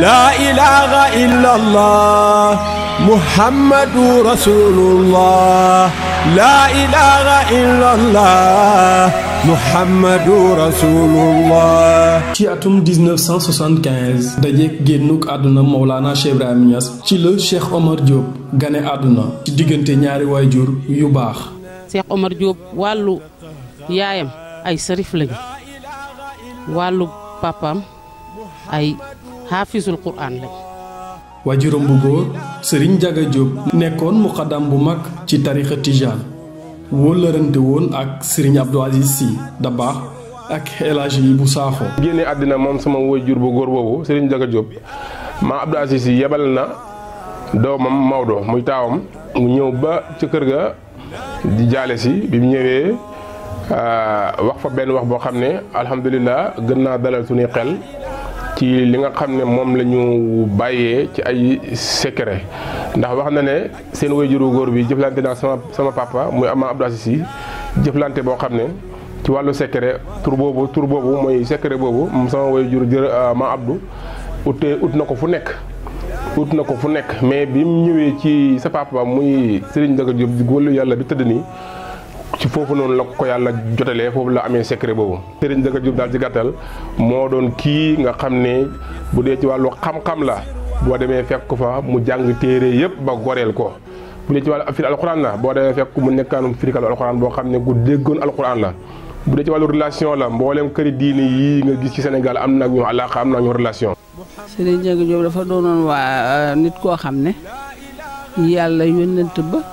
laa ilaaha illallah muhammadu rasulullah laa ilaaha illallah muhammadu rasulullah ci atum 1975 dajeek génnuk àdduna Mawlana Cheikh Ibrahim Niass ci la Cheikh Omar Diop gane àdduna ci diggante ñaari waajur yu baax Cheikh Omar Diop wàllu yaayam ay sërif lañu wàllu papaam ay xaafisul quraan lañ waajuram bu góor sëriñ Njaga Jóob nekkoon muqaddam bu mag ci tarixa tijaan wóllërante woon ak sëriñ Abdou Aziz Sy Dabaax ak El yi bu saaxoo génne àddina moom sama waajur bu góor boobu sëriñ Njaga Jóob maa Abdou Aziz Sy yebal na doomam Maodo muy taawam mu ñëw ba ci kër ga di jaale si bi mu ñëwee euh, wax fa benn wax boo xam ne alhamdulilah gën naa dalal suñuy xel ci li nga xam ne moom lañu bàyyee ci ay secret ndax wax na ne seen wayjuru góor bi jëflante naa sama sama papa muy am Abdou Aziz Sy jëflante boo xam ne ci wàllu secret tur boobu tur boobu mooy secret boobu moom sama wayjuru jër euh, ma Abdou ut ut na ko fu nekk ut na ko fu nekk mais bi mu ñëwee ci sa papa muy Serigne Daga Diop góorlu yàlla bi tëdd nii ci foofu noonu la ko yàlla jotalee foofu la amee secret boobu. Serigne Daga Diop moo doon kii nga xam ne bu dee ci wàllu xam-xam la boo demee fekk fa mu jàng téere yëpp ba goreel ko. bu dee ci wàllu firi alxuraan la boo demee fekk mu nekkaanum firikalu alxuraan boo xam ne ku déggoon alxuraan la bu dee ci la mboolem këri diini yii nga am na ak am na ak ñoom relation. Serigne Diaga dafa doonoon waa nit koo xam ne yàlla yónnent ba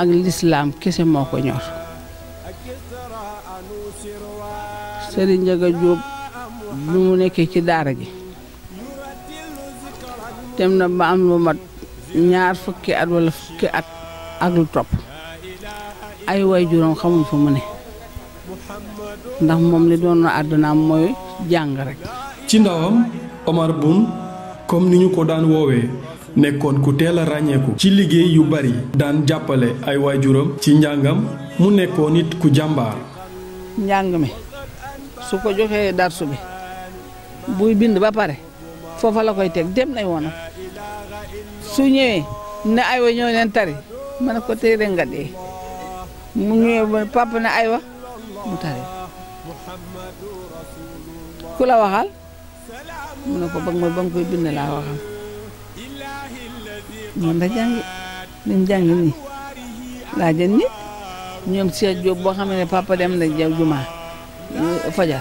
ak lislaam kese moo ko ñor Serigne Ndiaga Diop bi mu nekkee ci daara ji tem na ba am lu ñaar fukki at wala fukki at ak lu topp ay way juróom xamuñ fa mu ne ndax moom li doon na àddunaam mooy jàng rekk ci ndawam Omar Bun comme ni ñu ko daan woowee nekkoon ku teel a ràññeeku ci liggéey yu bari daan jàppale ay waajuram ci njàngam mu nekkoon it ku jàmbaar njàng mi su ko joxee darsu bi buy bind ba pare foofa la koy teg dem nay woonam su ñëwee ne aywa ñëw leen tari ma ne ko tey nga dee mu ñëwee papa ne aywa mu tari ku la waxal mu ne ko bëgg ma ba nga koy bind laa waxam moom la jàngi li mu jàngi nii laa jën nit ñoom Cheikh Diop boo xam ne papa dem na jaw jumaa euh, fajar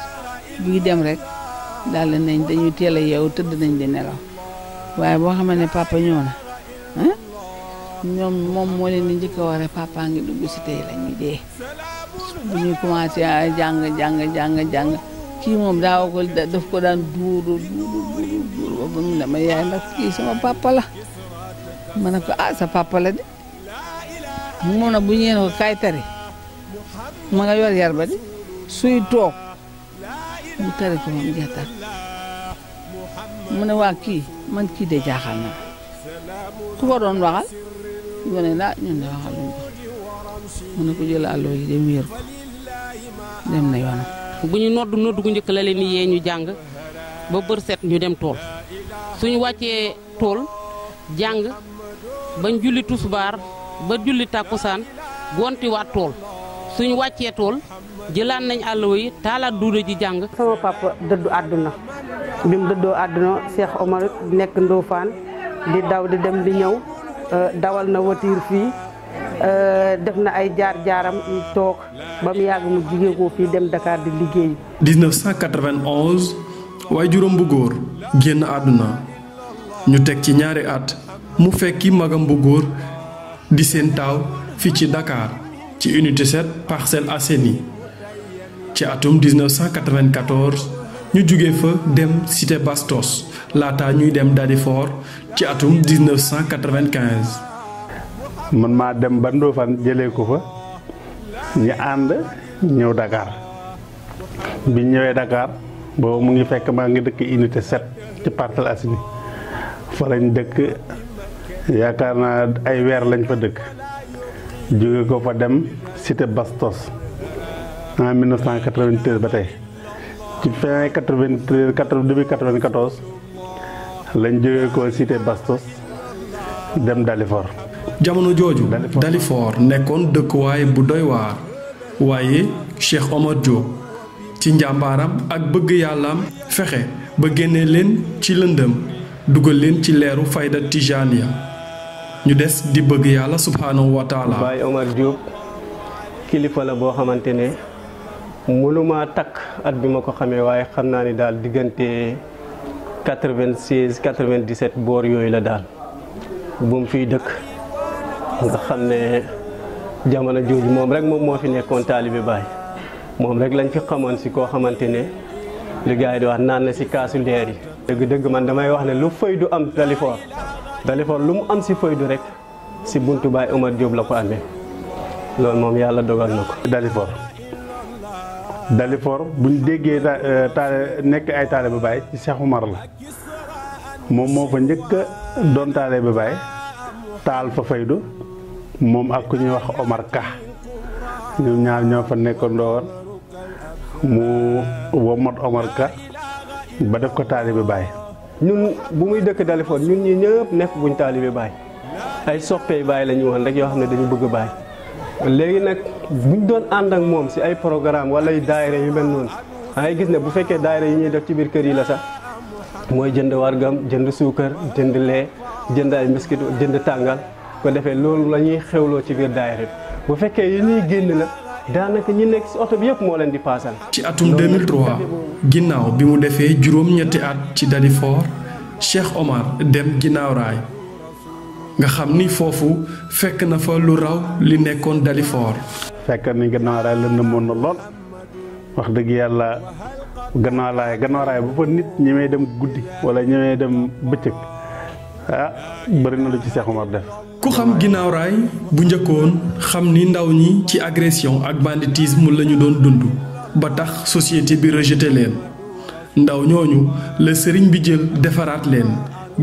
buy dem rek daal nañ dañuy teel a yeewu tëdd nañ di nelaw waaye boo xam ne papa ñëw na ñoom moom moo leen di njëkk a waree dugg si tey la ñuy dee bu ñuy commencé ah, jàng jàng jàng jàng kii moom daaw ko daf ko daan duuru duuru duuru duuru ba mu ne ma yaay ndax kii sama papa la. ma ne ko ah sa papa la de bu ñëwee ne ko kaay nga yor yarba ba de suy toog mu tari ko mu ne waa kii man kii de jaaxal na ku ko doon waxal mu ne la ah, ñun de waxal nañu ko mu ne ko jël yi dem wéer ko dem na yoonam. bu ñu noddu noddu gu njëkk la leen yee ñu jàng ba bër set ñu dem tool suñu wàccee tool jàng. bañ julli tusbaar ba julli tàkkusaan gontiwaat tool suñ wàccee tool jëlaat nañ àlluwa yi taalaat duuda ji jàng sama papa dëddu àdduna bi mu dëddoo àdduna Cheikh Omar nekk Ndofaan di daw di dem di ñëw euh, dawal na watiir fii euh, def na ay jaar jaaram toog ba mu yàgg mu jigéen ko fii dem Dakar di liggéey 1991 waaye juróom bu góor génn àdduna ñu teg ci ñaari at mu fekki magam bu góor di seen taaw fii ci Dakar ci unité 7 Parcelles Assainies ci atum 1994 ñu jóge fa dem site Bastos laata ñuy dem Dalifort ci atum 1995. man maa dem ba Ndofane jëlee ko fa ñu ànd ñëw Dakar bi ñëwee Dakar boobu mu ngi fekk maa ngi dëkk unité 7 ci Parcelles Assainies fa lañ dëkk. yaakaar naa ay weer lañ fa dëkk jóge ko fa dem cité Bastos en 1993 ba tey ci fin 93 80 lañ jóge ko cité Bastos dem Dalifort. jamono jooju Dalifort nekkoon dëkkuwaay bu doy waar waaye Cheikh Omar Diop ci njàmbaaram ak bëgg yàllaam fexe ba génne leen ci lëndëm dugal leen ci leeru fayda Tijaniya. ñu des di bëgg yàlla subhaanahu wa taala. Baye Omar Diop kilifa la boo xamante ne mënuma takk at bi ma ko xamee waaye xam naa ni daal diggante quatre-vingt-seize quatre-vingt-dix-sept boor yooyu la daal bu mu fiy dëkk nga xam ne jamono jooju moom rek moom moo fi nekkoon taalibe Baye moom rek lañ fi xamoon si koo xamante ne li yi di wax naan na si kaasu leer yi. dëgg-dëgg man damay wax ne lu fay du am téléphone. Dalifort lu mu am si faydu rek si buntu baay Omar Diop la ko amee loolu moom yàlla dogal na ko. Dalifort Dalifort buñ déggee taale euh, nekk ay taalibe Baye ci Cheikh la moom moo fa njëkk a doon taalibe Baye taal fa faydu moom ak ku ñuy wax Omar Ka ñoom ñaar ñoo fa nekkoon woon mu womat Omar Ka ba def ko taalibe Baye. ñun bu muy dëkk Dalifort ñun ñi ñëpp nekk buñ taalibe Baay ay soppee Baay lañu ñu woon rek yoo xam ne dañu bëgg Baay léegi nag buñ doon ànd ak moom si ay programme wala ay daayira yu mel noonu da ngay gis ne bu fekkee daayira yi ñuy def ci biir kër yi la sax mooy jënd wargam jënd suukar jënd lee jënd ay miskit jënd tàngal ko defee loolu la ñuy xewloo ci biir daayira bi bu fekkee yi ñuy génn la daanaka ñi nekk ci oto bi yëpp moo leen di paasal. ci atum 2003 ginnaaw bi mu defee juróom-ñetti at ci Dalifort Cheikh Omar dem ginnaaw nga xam ni foofu fekk na fa lu raw li nekkoon Dalifort. fekk ni ginnaaw raay la na lool wax dëgg yàlla gannaaw raay gannaaw bu fa nit ñi may dem guddi wala ñi dem bëccëg ah bëri na lu ci Cheikh Omar def. ku xam ginnaaw raay bu njëkkoon xam ni ndaw ñi ci agression ak banditisme la lañu doon dund ba tax société bi rejeté leen ndaw ñooñu la sëriñ bi jël defaraat leen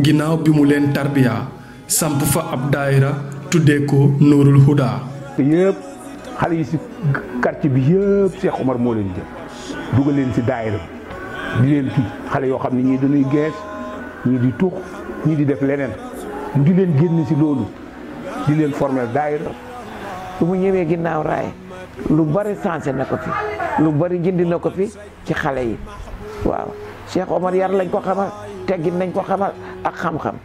ginnaaw bi mu leen tarbiya samp fa ab daayira tuddee ko Nourul Huda. yëpp xale yi ci quartier bi yëpp Cheikh moo leen jël dugal leen ci daayira di leen kii xale yoo xam ne ñii dañuy gees ñii di tux ñi di def leneen di leen génn ci loolu. di leen formé daayira bu mu ñëwee ginnaaw raay lu bari sensé na ko fi lu bari jindi na ko fi ci xale yi waaw Cheikh Omar yar lañ ko xamal teggin nañ ko xamal ak xam-xam.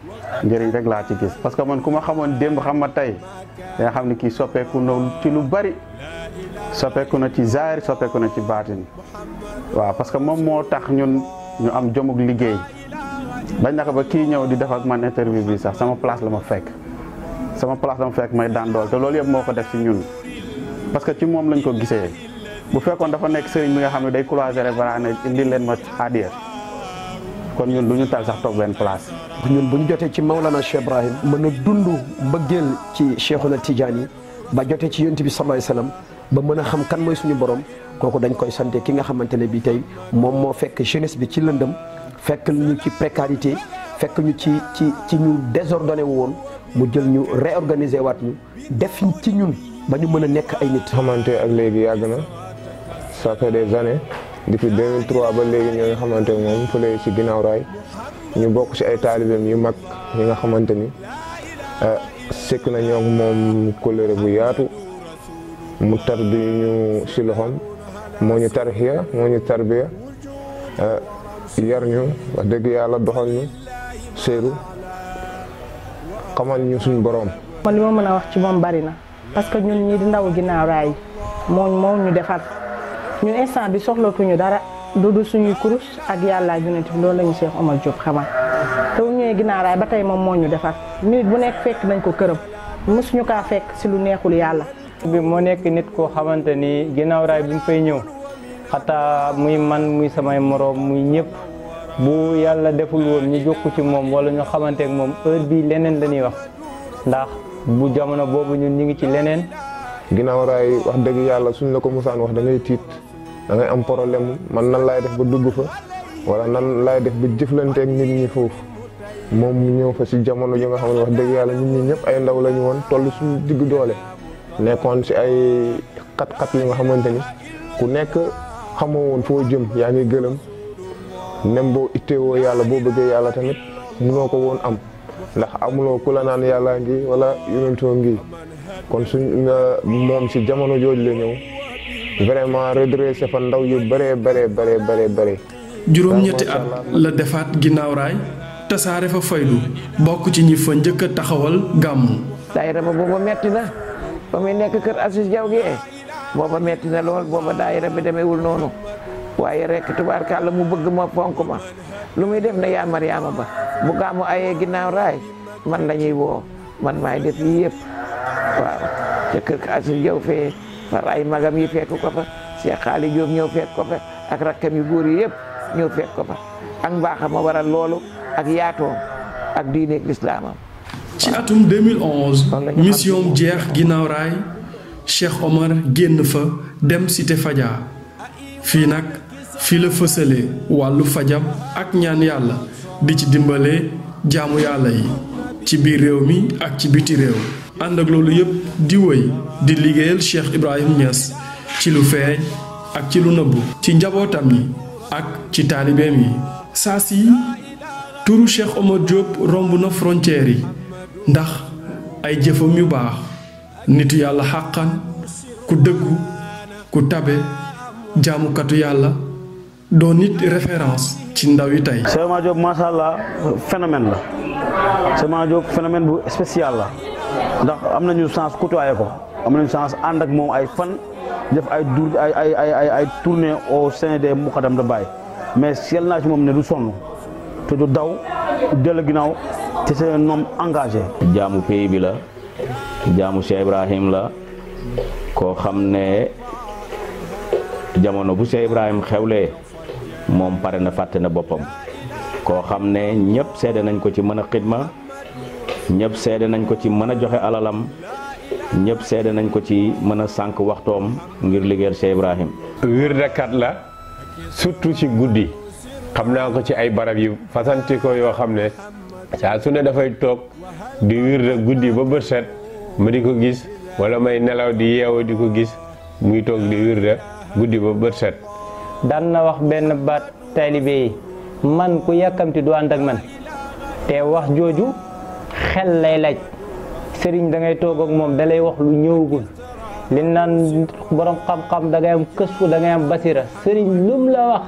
njëriñ rek laa ci gis parce que man ku ma xamoon démb xam ma tey da xam ne kii soppeeku na ci lu bari soppeeku na ci zaahir soppeeku na ci baatin waaw parce que moom moo tax ñun ñu am jomug liggéey bañ naka ba kii ñëw di def ak man interview bii sax sama place la ma fekk. sama place dama fekk may daan dool te loolu yëpp moo ko def si ñun parce que ci moom lañ ko gisee bu fekkoon dafa nekk sëriñ bi nga xam ne day croiser bara ne indi leen ma adiya kon ñun du ñu tal sax toog benn place. ñun bu ñu jotee ci Maulana Cheikh Ibrahim mën a dund mbëggeel ci Cheikhuna Tidiane ba jotee ci yonent bi sallallahu alayhi wasallam ba mën a xam kan mooy suñu borom kooku dañ koy sante ki nga xamante ne bii tey moom moo fekk jeunesse bi ci lëndëm fekk ñu ci précarité. fekk ñu ci ci ci ñu désordonné wu woon mu jël ñu réorganiser waat ñu def ci ñun ba ñu mën a nekk ay nit. xamante ak léegi yàgg na ça fait des années depuis 2003 ba léegi ñoo ngi xamante moom fële ci ginnaaw raay ñu bokk si ay taalibeem yu mag ñi nga xamante ni euh, sekk na ñoo moom kóllëre bu yaatu mu tar bi ñu ci loxoom moo ñu tarxiya moo ñu tarbiya euh, yar ñu wax dëgg yàlla doxal ñu. seeru xamal ñu suñu boroom. man li ma mën a wax ci moom bari na parce que ñun ñii di ndaw ginnaaw raay moom moom ñu defar ñun instant bi soxlatuñu dara du du suñuy kurus ak yàllaa yonent bi loolu la ñu Cheikh Omar Diop xamal te bu ñëwee ginnaaw ba tey moom moo ñu defar minute bu nekk fekk nañ ko këram suñu kaa fekk si lu neexul yàlla. bi moo nekk nit koo xamante ni ginnaaw raay bi mu fay ñëw xataa muy man muy samay moroom muy ñëpp. bu yàlla deful woon ñu jokku ci moom wala ñu xamanteek moom heure bii leneen la ñuy wax ndax bu jamono boobu ñun ñu ngi ci leneen. ginnaaw raay wax dëgg yàlla suñu la ko musaan wax da tiit da ngay am problème man nan laay def ba dugg fa wala nan laay def ba jëflanteek nit ñi foofu moom mu ñëw fa si jamono yi nga xam wax dëgg yàlla ñu ñëpp ay ndaw la ñu woon toll suñu diggu doole nekkoon si ay xat-xat yi nga xamante ni ku nekk xamoo woon foo jëm yaa ngi gëlëm. même boo itteewoo yàlla boo bëggee yàlla tamit munoo ko woon am ndax amuloo ku la naan yàlla ngi wala yonentoo ngi kon suñ moom si jamono jooju la ñëw vraiment redressé fa ndaw yu bare bëree bëree bëree bëri. juróom-ñetti at la defaat ginnaaw raay tasaare fa faydu bokk ci ñi fa njëkk taxawal gàmmu. daayira ba booba metti na ba muy nekk kër Aziz Diaw gi booba metti na lool booba daayira bi demewul noonu. waaye rek tubaarkàlla mu bëgg ma fonk ma lu muy def na yaa Mariama ba bu gaamu ayee ginnaaw raay man lañuy woo man maay def yi yëpp waaw ca kër ka asu jaw ko fa Cheikh ñëw fekk ko fa ak rakkam yu góor yi yëpp ñëw fekk ko fa ak mbaaxam a waral loolu ak yaatoom ak diineeg lislaamam ci atum mission jeex ginnaaw raay Cheikh Omar génn fa dem Cité Fadia fii nag fii la fësalee wàllu fajam ak ñaan yàlla di ci dimbale jaamu yàlla yi ci biir réew mi ak ci biti réew ànd ak loolu yépp di wéy di liggéeyal Cheikh Ibrahim Niass ci lu feeñ ak ci lu nëbbu ci njabootam yi ak ci taalibeem yi saa si turu Cheikh Omar Diop romb na frontière yi ndax ay jëfam yu baax nitu yàlla xàqan ku dëggu ku tabe jaamukatu yàlla doon nit référence ci ndaw yi tey. Seulement Diop macha allah phénomène la Seulement Diop phénomène bu spécial la ndax am nañu chance côtoyer ko am nañu chance ànd ak moom ay fan def ay du ay ay ay ay tournée au sein des Muqaddam da Baye mais seel naa ci moom ne du sonn te du daw du dellu ginnaaw te c'est un homme engagé. jaamu pays bi la jaamu Cheikh Ibrahim la koo xam ne jamono bu Cheikh Ibrahim xewlee. moom pare na fàtte na boppam koo xam ne ñëpp seede nañ ko ci mën a xidma ñëpp seede nañ ko ci mën a joxe alalam ñëpp seede nañ ko ci mën a sànq waxtoom ngir liggéey Cheikh Ibrahim wirdakat la surtout ci guddi xam naa ko ci ay barab yu fasanti ko yoo xam ne saa su ne dafay toog di wirda guddi ba bët set ma di ko gis wala may nelaw di yeewu di ko gis muy toog di wirda guddi ba bët set daan na wax benn baat taalibe yi man ku yàkkamti du ànd ak man te wax jooju xel lay laaj sëriñ da ngay toog ak moom dalay lay wax lu ñëwagul li naan borom xam-xam da am këstu da ngay am basira sëriñ lum la wax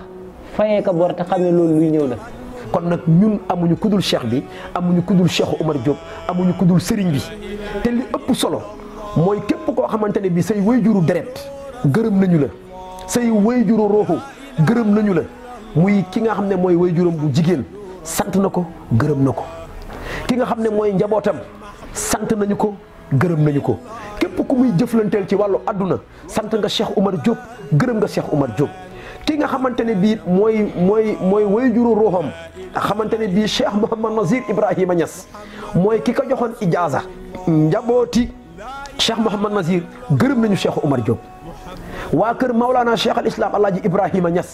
fayee ka bor te xam ne loolu luy ñëw la. kon nag ñun amuñu kudul cheikh bi amuñu kudul cheikh Omar Diop amuñu kudul sëriñ bi te li ëpp solo mooy képp koo xamante ne bi say wayjuru deret gërëm nañu la. say wayjuru ruuxu gërëm nañu la muy ki nga xam ne mooy wayjuram bu jigéen sant na ko gërëm na ko ki nga xam ne mooy njabootam sant nañu ko gërëm nañu ko képp ku muy jëflanteel ci wàllu àdduna sant nga Cheikh Omar Diop gërëm nga Cheikh Omar Diop ki nga xamante ne bii mooy mooy mooy wayjuru ruuxam xamante ne bii Cheikh Mouhamad Nazir Ibrahima Niass mooy ki ko joxoon ijaaza njabooti Cheikh Mouhamad Nazir gërëm nañu Cheikh Omar Diop waa kër Maulana Cheikh al Islam Alaaji Ibrahima ñas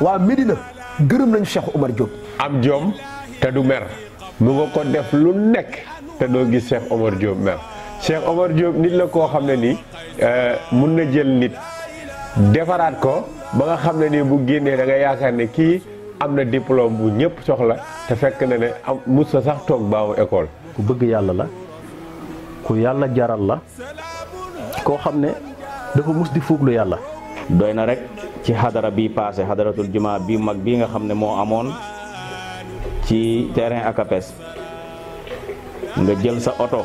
waa Medina gërëm nañu Cheikh Omar Diop. am joom te du mer mu nga ko def lu nekk te doo gis Cheikh Omar Diop mer Cheikh Omar Diop nit la koo xam ne nii euh, mun na jël nit defaraat ko ba nga xam ne nii bu génnee da nga yaakaar ne kii am na diplôme bu ñëpp soxla te fekk na ne am mus sa sax toog baawu école. ku bëgg yàlla la ku yàlla jaral la koo xam ne. dafa mus di fuuglu yàlla doy na rek ci xadara bii passé xadaratul jumaa bi mag bii nga xam ne moo amoon ci terrain akapes nga jël sa oto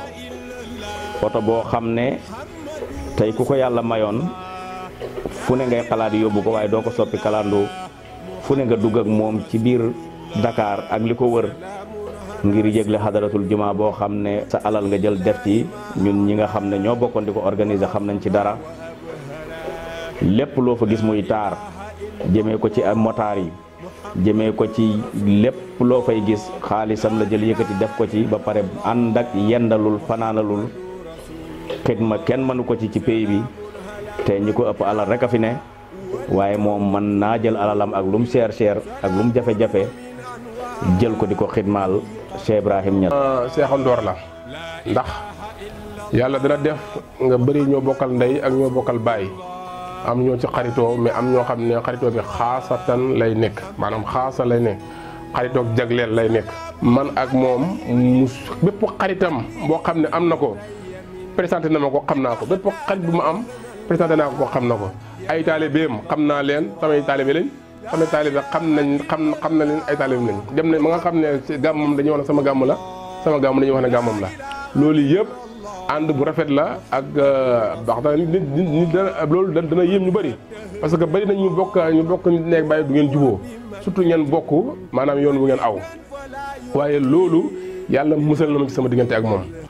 oto boo xam ne tey ku ko yàlla mayoon fu ne ngay xalaat yóbbu ko waaye doo ko soppi kalandu fu ne nga dugg ak moom ci biir Dakar ak li ko wër ngir yëgle xadaratul juma boo xam ne sa alal nga jël def ci ñun ñi nga xam ne ñoo bokkandi ko organiser xam nañ ci dara lépp loo fa gis muy taar jëmee ko ci motaar yi jëmee ko ci lépp loo fay gis xaalisam la jël yëkkati def ko ci ba pare ànd ak yendalul fanaanalul xidma kenn mënu ko ci ci pays bi te ñi ko ëpp alal rek a fi ne waaye moom mën naa jël alalam ak lum seer seer ak lum jafe-jafe jël ko di ko xidmaal Cheikh Ibrahim Niass. Ah, Cheikh Ndor la ndax yàlla dana def nga bëri ñoo bokkal ndey ak ñoo bokkal baay. am ñoo ci xaritoo mais am ñoo xam ne xaritoo bi xaasatan lay nekk maanaam xaasa lay ne xaritoog jagleel lay nekk man ak moom mu bépp xaritam boo xam ne am na ko présenté na ma ko xam naa ko bépp xarit bu ma am présenté naa ko xam na ko ay taalibeem xam naa leen samay taalibe lañ samay taalibe xam nañ xam xam na leen ay taalibe lañ dem na ma nga xam ne gàmmam dañuy wax ne sama gàmm la sama gàmm dañuy wax ne gàmmam la loolu yëpp ànd bu rafet la ak euh, baax na nit nit loolu dana yéem ñu bëri parce que bëri nañ ñu bokk ñu bokk nit nekk bàyyi du ngeen juboo surtout ngeen bokk maanaam yoon wu ngeen aw waaye loolu yàlla musal na ma ci sama diggante ak moom